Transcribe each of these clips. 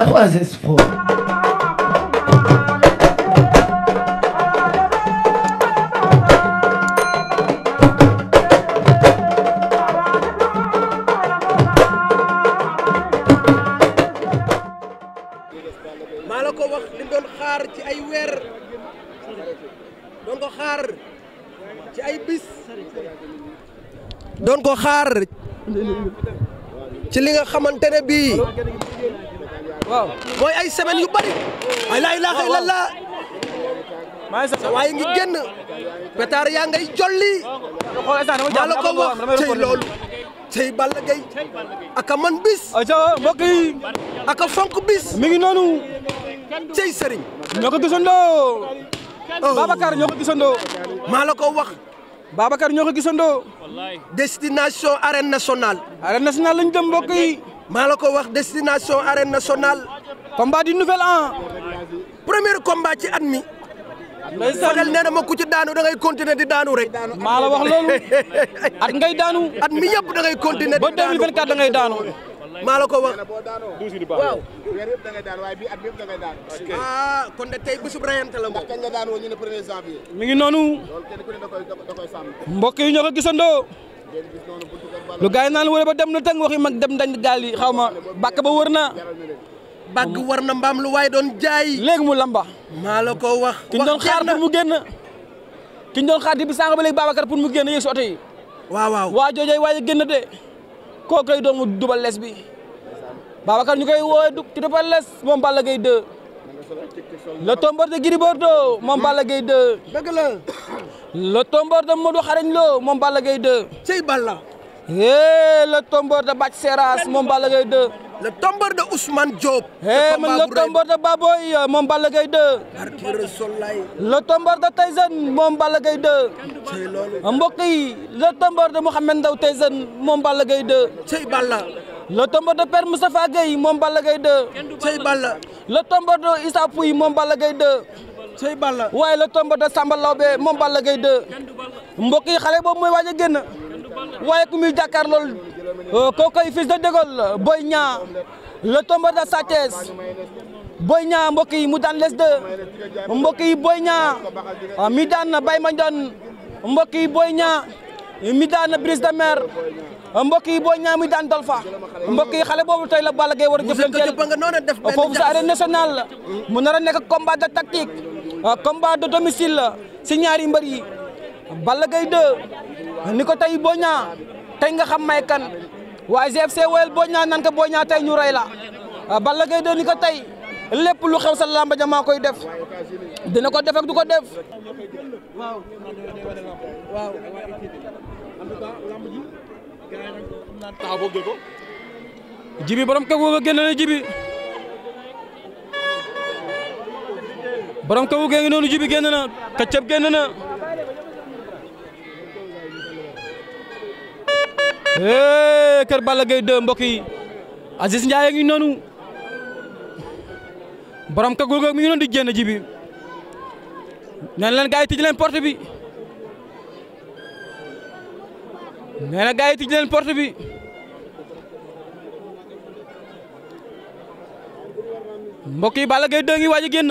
3 maa la ko wax li doon xaar ci ay weer doon ko xaar ci ay bis doon ko li nga xamante ne bii waaw mooy ay semaines yu bari ay laa ilaaha illallah sa waaye ngi génn pétard yaa ngay jolli maa la ko wax cey loolu cey Balla Gaye aka man bis mbokk yi aka fonk bis mi ngi noonu cey sëriñ ñoo ko gisandoo oh. Babacar ñoo ko gisandoo maa la ko wax Babacar ñoo ko gisandoo destination arène nationale arène nationale lañ dem mbokk yi maa la ko wax destination arène nationale. combat du nouvel an. premier combat ci at mi. Fadel nee ma ku ci daanu da ngay continuer di daanu rek. maa la wax loolu at ngay daanu. at mi yëpp da ngay continuer di daanu ba 2024 da ngay daanu. maa la ko wax. waaw. ah kon de tey bésub rayante la moom. mi ngi noonu. mbokk yi ñoo ko gisandoo. lu gaay naan wala ba dem na tëng waxi mag dem dañ gaal yi xaw ma bàkk ba wër naa bàgg war na mbaam lu waaye doon jaay léegi mu lamba maa la ko wax ki ñu doon xaar pour mu génn ki doon xaar di bi sànq ba léegi Babacar pour mu génn yéeg oto yi waaw waaw waa de koo koy doon mu dubal les bi Babacar ñu koy woowee du ci dubal les moom Balla Gaye 2 le tombeur de Modou Xarañ Lo moom Balla gay 2. Cey Balla. hee le moom Balla Gaye de Ousmane Diop. hee man le tombeur de Baboy moom Balla gay 2. le de Tyson moom Balla Gaye Ndaw Tyson moom Balla Gaye 2. Cey Balla. le tombeur de moom Balla Gaye 2. Cey Balla. le moom Balla Gaye 2. waaye la tomba da Samba Lawbe moom Balla Gaye 2 mbokk yi xale boobu mooy waaj a génn waaye ku muy jàkkaar lool euh, kookoy fils de Dégol Boy Niang la tomba da Sa Thiès Boy Niang mbokk yi mu daan les de ah, mbokk yi Boy Niang mi daan Baye Mandione yi Boy Niang mi daan Brise de Mer mbokk yi Boy Niang mi daan Dolfa mbokk yi xale boobu tey la Balla Gaye war a jëflanteel foofu sa arène mu nar a nekk combat de tactique Euh, combat de domicile la si ñaari mbër yi Balla Gaye 2 ni ko tey Boy Niang nga xam may kan waaye GFC woyal Boy Niang nan ko Boy Niang ñu rey la euh, Balla Gaye 2 ni ko tey lépp lu xew sa làmba ja koy def dina ko def du ko def waaw jibi borom kooku ba génn na jibi borom kaw gee ngi noonu jibi génn na kaccab génn na hee kër Balla Gaye 2 mbokk yi Aziz Ndiaye ngi noonu borom kaw gee mi ngi noonu di génn jibi nee na leen gaa yi tijji leen porte bi nee na gaa yi tijji leen porte bi mbokk yi Balla Gaye 2 ngi waaj a génn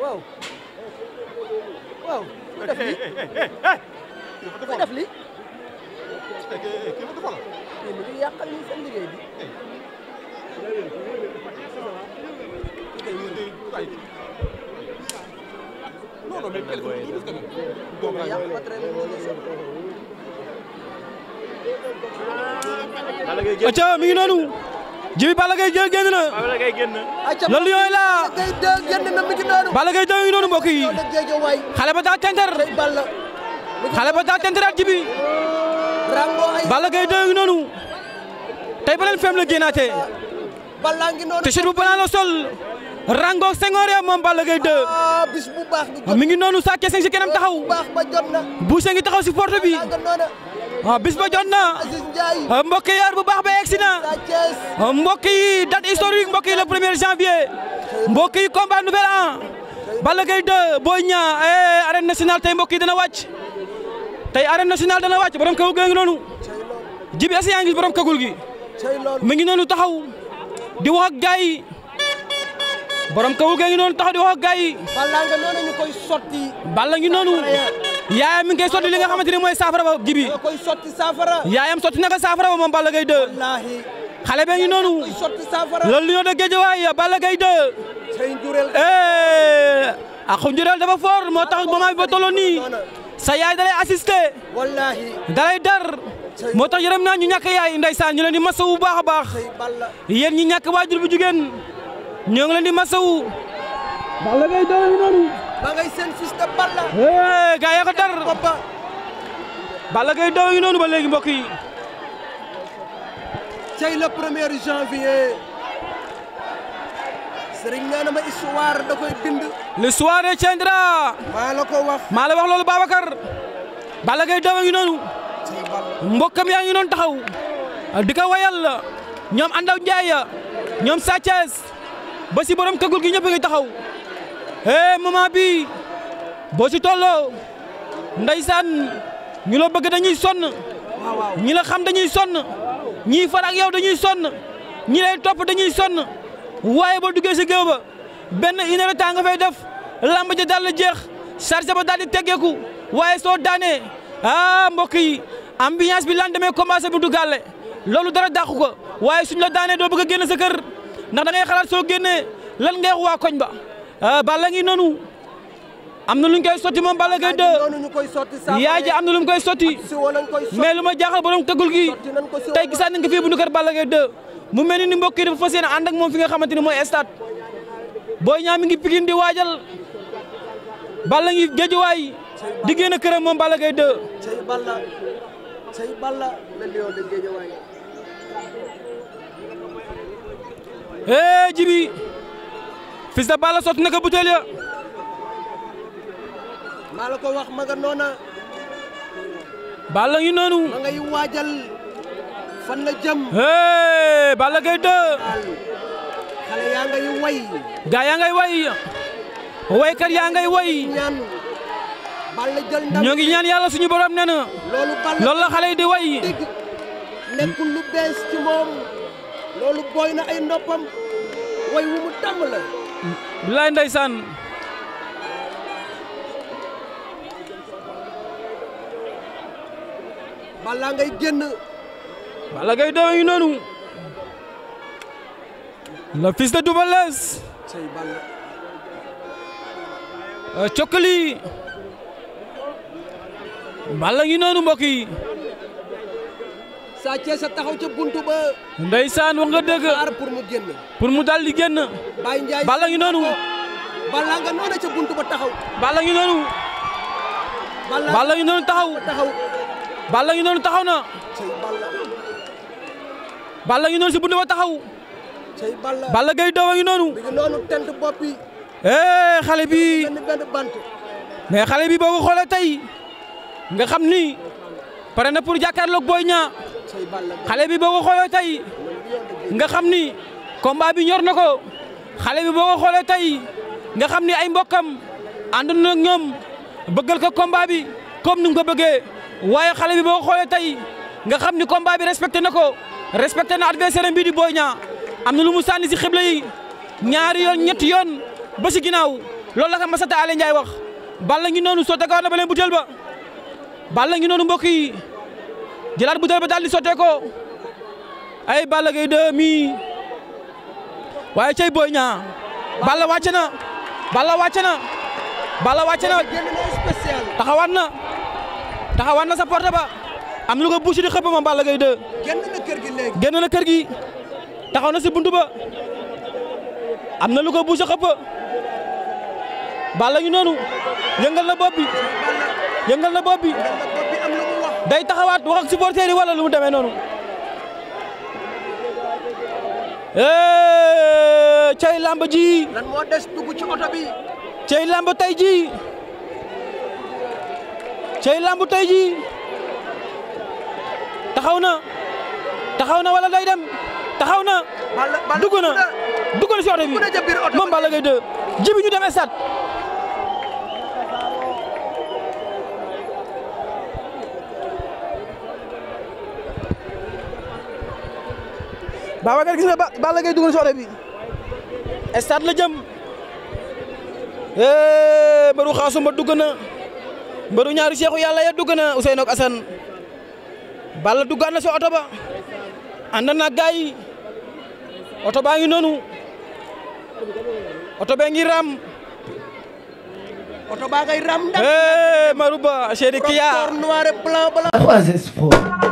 waaw waaw ku def lii ku Jibi Balla Gaye jël génn na. Balla Gaye génn na. loolu yooyu laa. Balla Gaye jël noonu mbokk xale ba daa tentar. xale ba daa tentar ak Jibi. Balla Gaye jël noonu. tey ba leen fem la génnaatee. t-shirt bu balaa la sol. Rango Senghor ya moom Balla Gaye 2. Ah, mi ngi noonu sa kese si kanam taxaw. Boucher ngi taxaw si porte bi. waaw ah, bis ba jot na ah, mbokk yi heure bu baax ba egsi na ah, mbokk yi date historique mbokk yi le premier janvier an Balla Gaye 2 Boy Niang eh, arène tey mbokk dana wàcc tey arène nationale dana wàcc borom kagul gi ngi noonu jibi est-ce yaa gi mi ngi noonu taxaw di wax ak gars yi borom ngi noonu taxaw di wax ak gars yi Balla ngi noonu yaayam mi ngi koy sotti li nga xamante ni mooy saafara ba jibi koy sotti saafara yaayam sotti na ko ba moom Balla Gaye 2 wallaahi xale bee ngi noonu koy sotti saafara loolu lu ñoo de Guédiawaye Balla Gaye 2 sey njureel eh ak njureel moo tax moment bi ba sa yaay dalay assister dalay dar moo tax yërëm naa ñu ñàkk yaay ndeysaan ñu leen di masawu bu baax a baax yéen ñi ñàkk waajur bu jigéen ñoo di masawu Balla Gaye 2 noonu bopp ba Balla Gaye 2 ngi noonu ba léegi mbokk yi cey le premier janvier sëriñ nee ma histoire da koy bind l'histoire retiendra maa la ko wax maa la wax loolu Babacar Balla Gaye 2 ngi noonu mbokkam yaa ngi noonu taxaw di ko wayal ñoom Andaw Ndiaye ñoom Sathiès ba si borom kagul gi ñëpp ngi taxaw eh moment bi si tolloo ndeysaan ñu la bëgg dañuy sonn ñi la xam dañuy sonn ñiy far ak yow dañuy sonn ñi lay topp dañuy sonn waaye ba duggee si géew ba benn une heure temps nga def lamb ja daal jeex chargé ba daal di teggeeku waaye soo daanee ah mbokk yi ambiance bi lan demee commencé bu duggaale loolu dara dàqu ko waaye suñ la daanee doo bëgg a génn sa kër ndax da xalaat soo génnee lan ngay waa koñ ba ah bala ngi noonu. am na lu ñu koy sotti moom Balla Gaye 2 yaay ji am na lu mu koy sotti mais lu ma jaaxal borom tëggul gi tey gisaat nañ ko fii bu nu kër Balla Gaye 2 mu mel ni ni mbokk yi dafa fas yéene moom fi nga xamante ni mooy Boy Niang ngi Pikine di waajal Balla ngi géejuwaay di génn këram moom Balla Gaye 2 hee jibi fils de Balla sotti na ko ya maa la ko wax ma nga noona Balla ngi noonu ma ngay waajal fan la jëm hey Balla Gaye 2 xale yaa ngay way gaa yaa ngay way waykat yaa ngay way ñaan Balla jël ndam ñoo ngi ñaan yàlla suñu borom nee na loolu Balla la xale yi di way nekkul lu bees ci moom loolu booy na ay noppam way mu tàmm la bilaay ndeysaan Balla ngay génn. Balla Gaye doo ngi noonu. le fils de Double Less. Euh, cokkali. Balla ngi noonu mbokk yi. Sa Thiès sa taxaw ca buntu ba. ndeysaan wax nga dëgg. pour mu génn. pour mu daal di génn. Baye Ndiaye Balla noonu. Balla nga noonu ca buntu noonu taxaw. Balla ngi noonu taxaw na Balla ngi noonu si bunt ba taxaw Balla Gaye doo ngi noonu eh xale bi mais xale bi boo ko xoolee tey nga xam ni pare na pour jàkkaarloog booy Niang xale bi boo ko xoolee tey nga xam ni combat bi ñor na ko xale bi boo ko xoolee tey nga xam ni ay mbokkam ànd na ñoom bëggal ko combat bi comme ni nga ko bëggee. waaye xale bi boo xoolee tey nga xam ni combat bi respecté na ko respecté na adversaire bi di Boy Niang am na lu mu sànni si xibla ñaari yoon ñetti yoon ba si ginnaaw loolu la ko Massata Alé Ndiaye wax Balla ngi noonu sotteekoo na ba leen butéel ba Balla ngi noonu mbokk yi jëlaat butéel ba daal di sotteekoo ay Balla Gaye 2 mi waaye cey Boy Niang Balla wàcc na Balla wàcc na Balla wàcc na taxawaat taxawaan na sa porte ba am lu ko bouché di xëpp moom Balla Gaye 2. génn na kër gi léegi na kër si buntu ba am na lu ko bouché xëpp Balla ñu noonu yëngal na bopp bi na bopp bi day taxawaat wax ak supporter yi wala lu mu demee noonu. cey lamb ji lan moo ci oto bi. cey lamb tey ji. cey lamb tey jii taxaw na taxaw na wala day dem taxaw na. dugg na dugg na si oto bi moom Balla Gaye 2 jibi ñu dem stade. Babacar gis nga Balla Gaye dugg na si oto bi stade la jëm. mbëru xaasu ma dugg na. mbëru ñaari seexu yàlla ya dugg na Ousseynou ak Assane Balla duggaat na si oto ba ànd na oto baa ngi nonu oto bee ngi ram oto baa ngay ram ndax. Marouba chéri Kia. noir et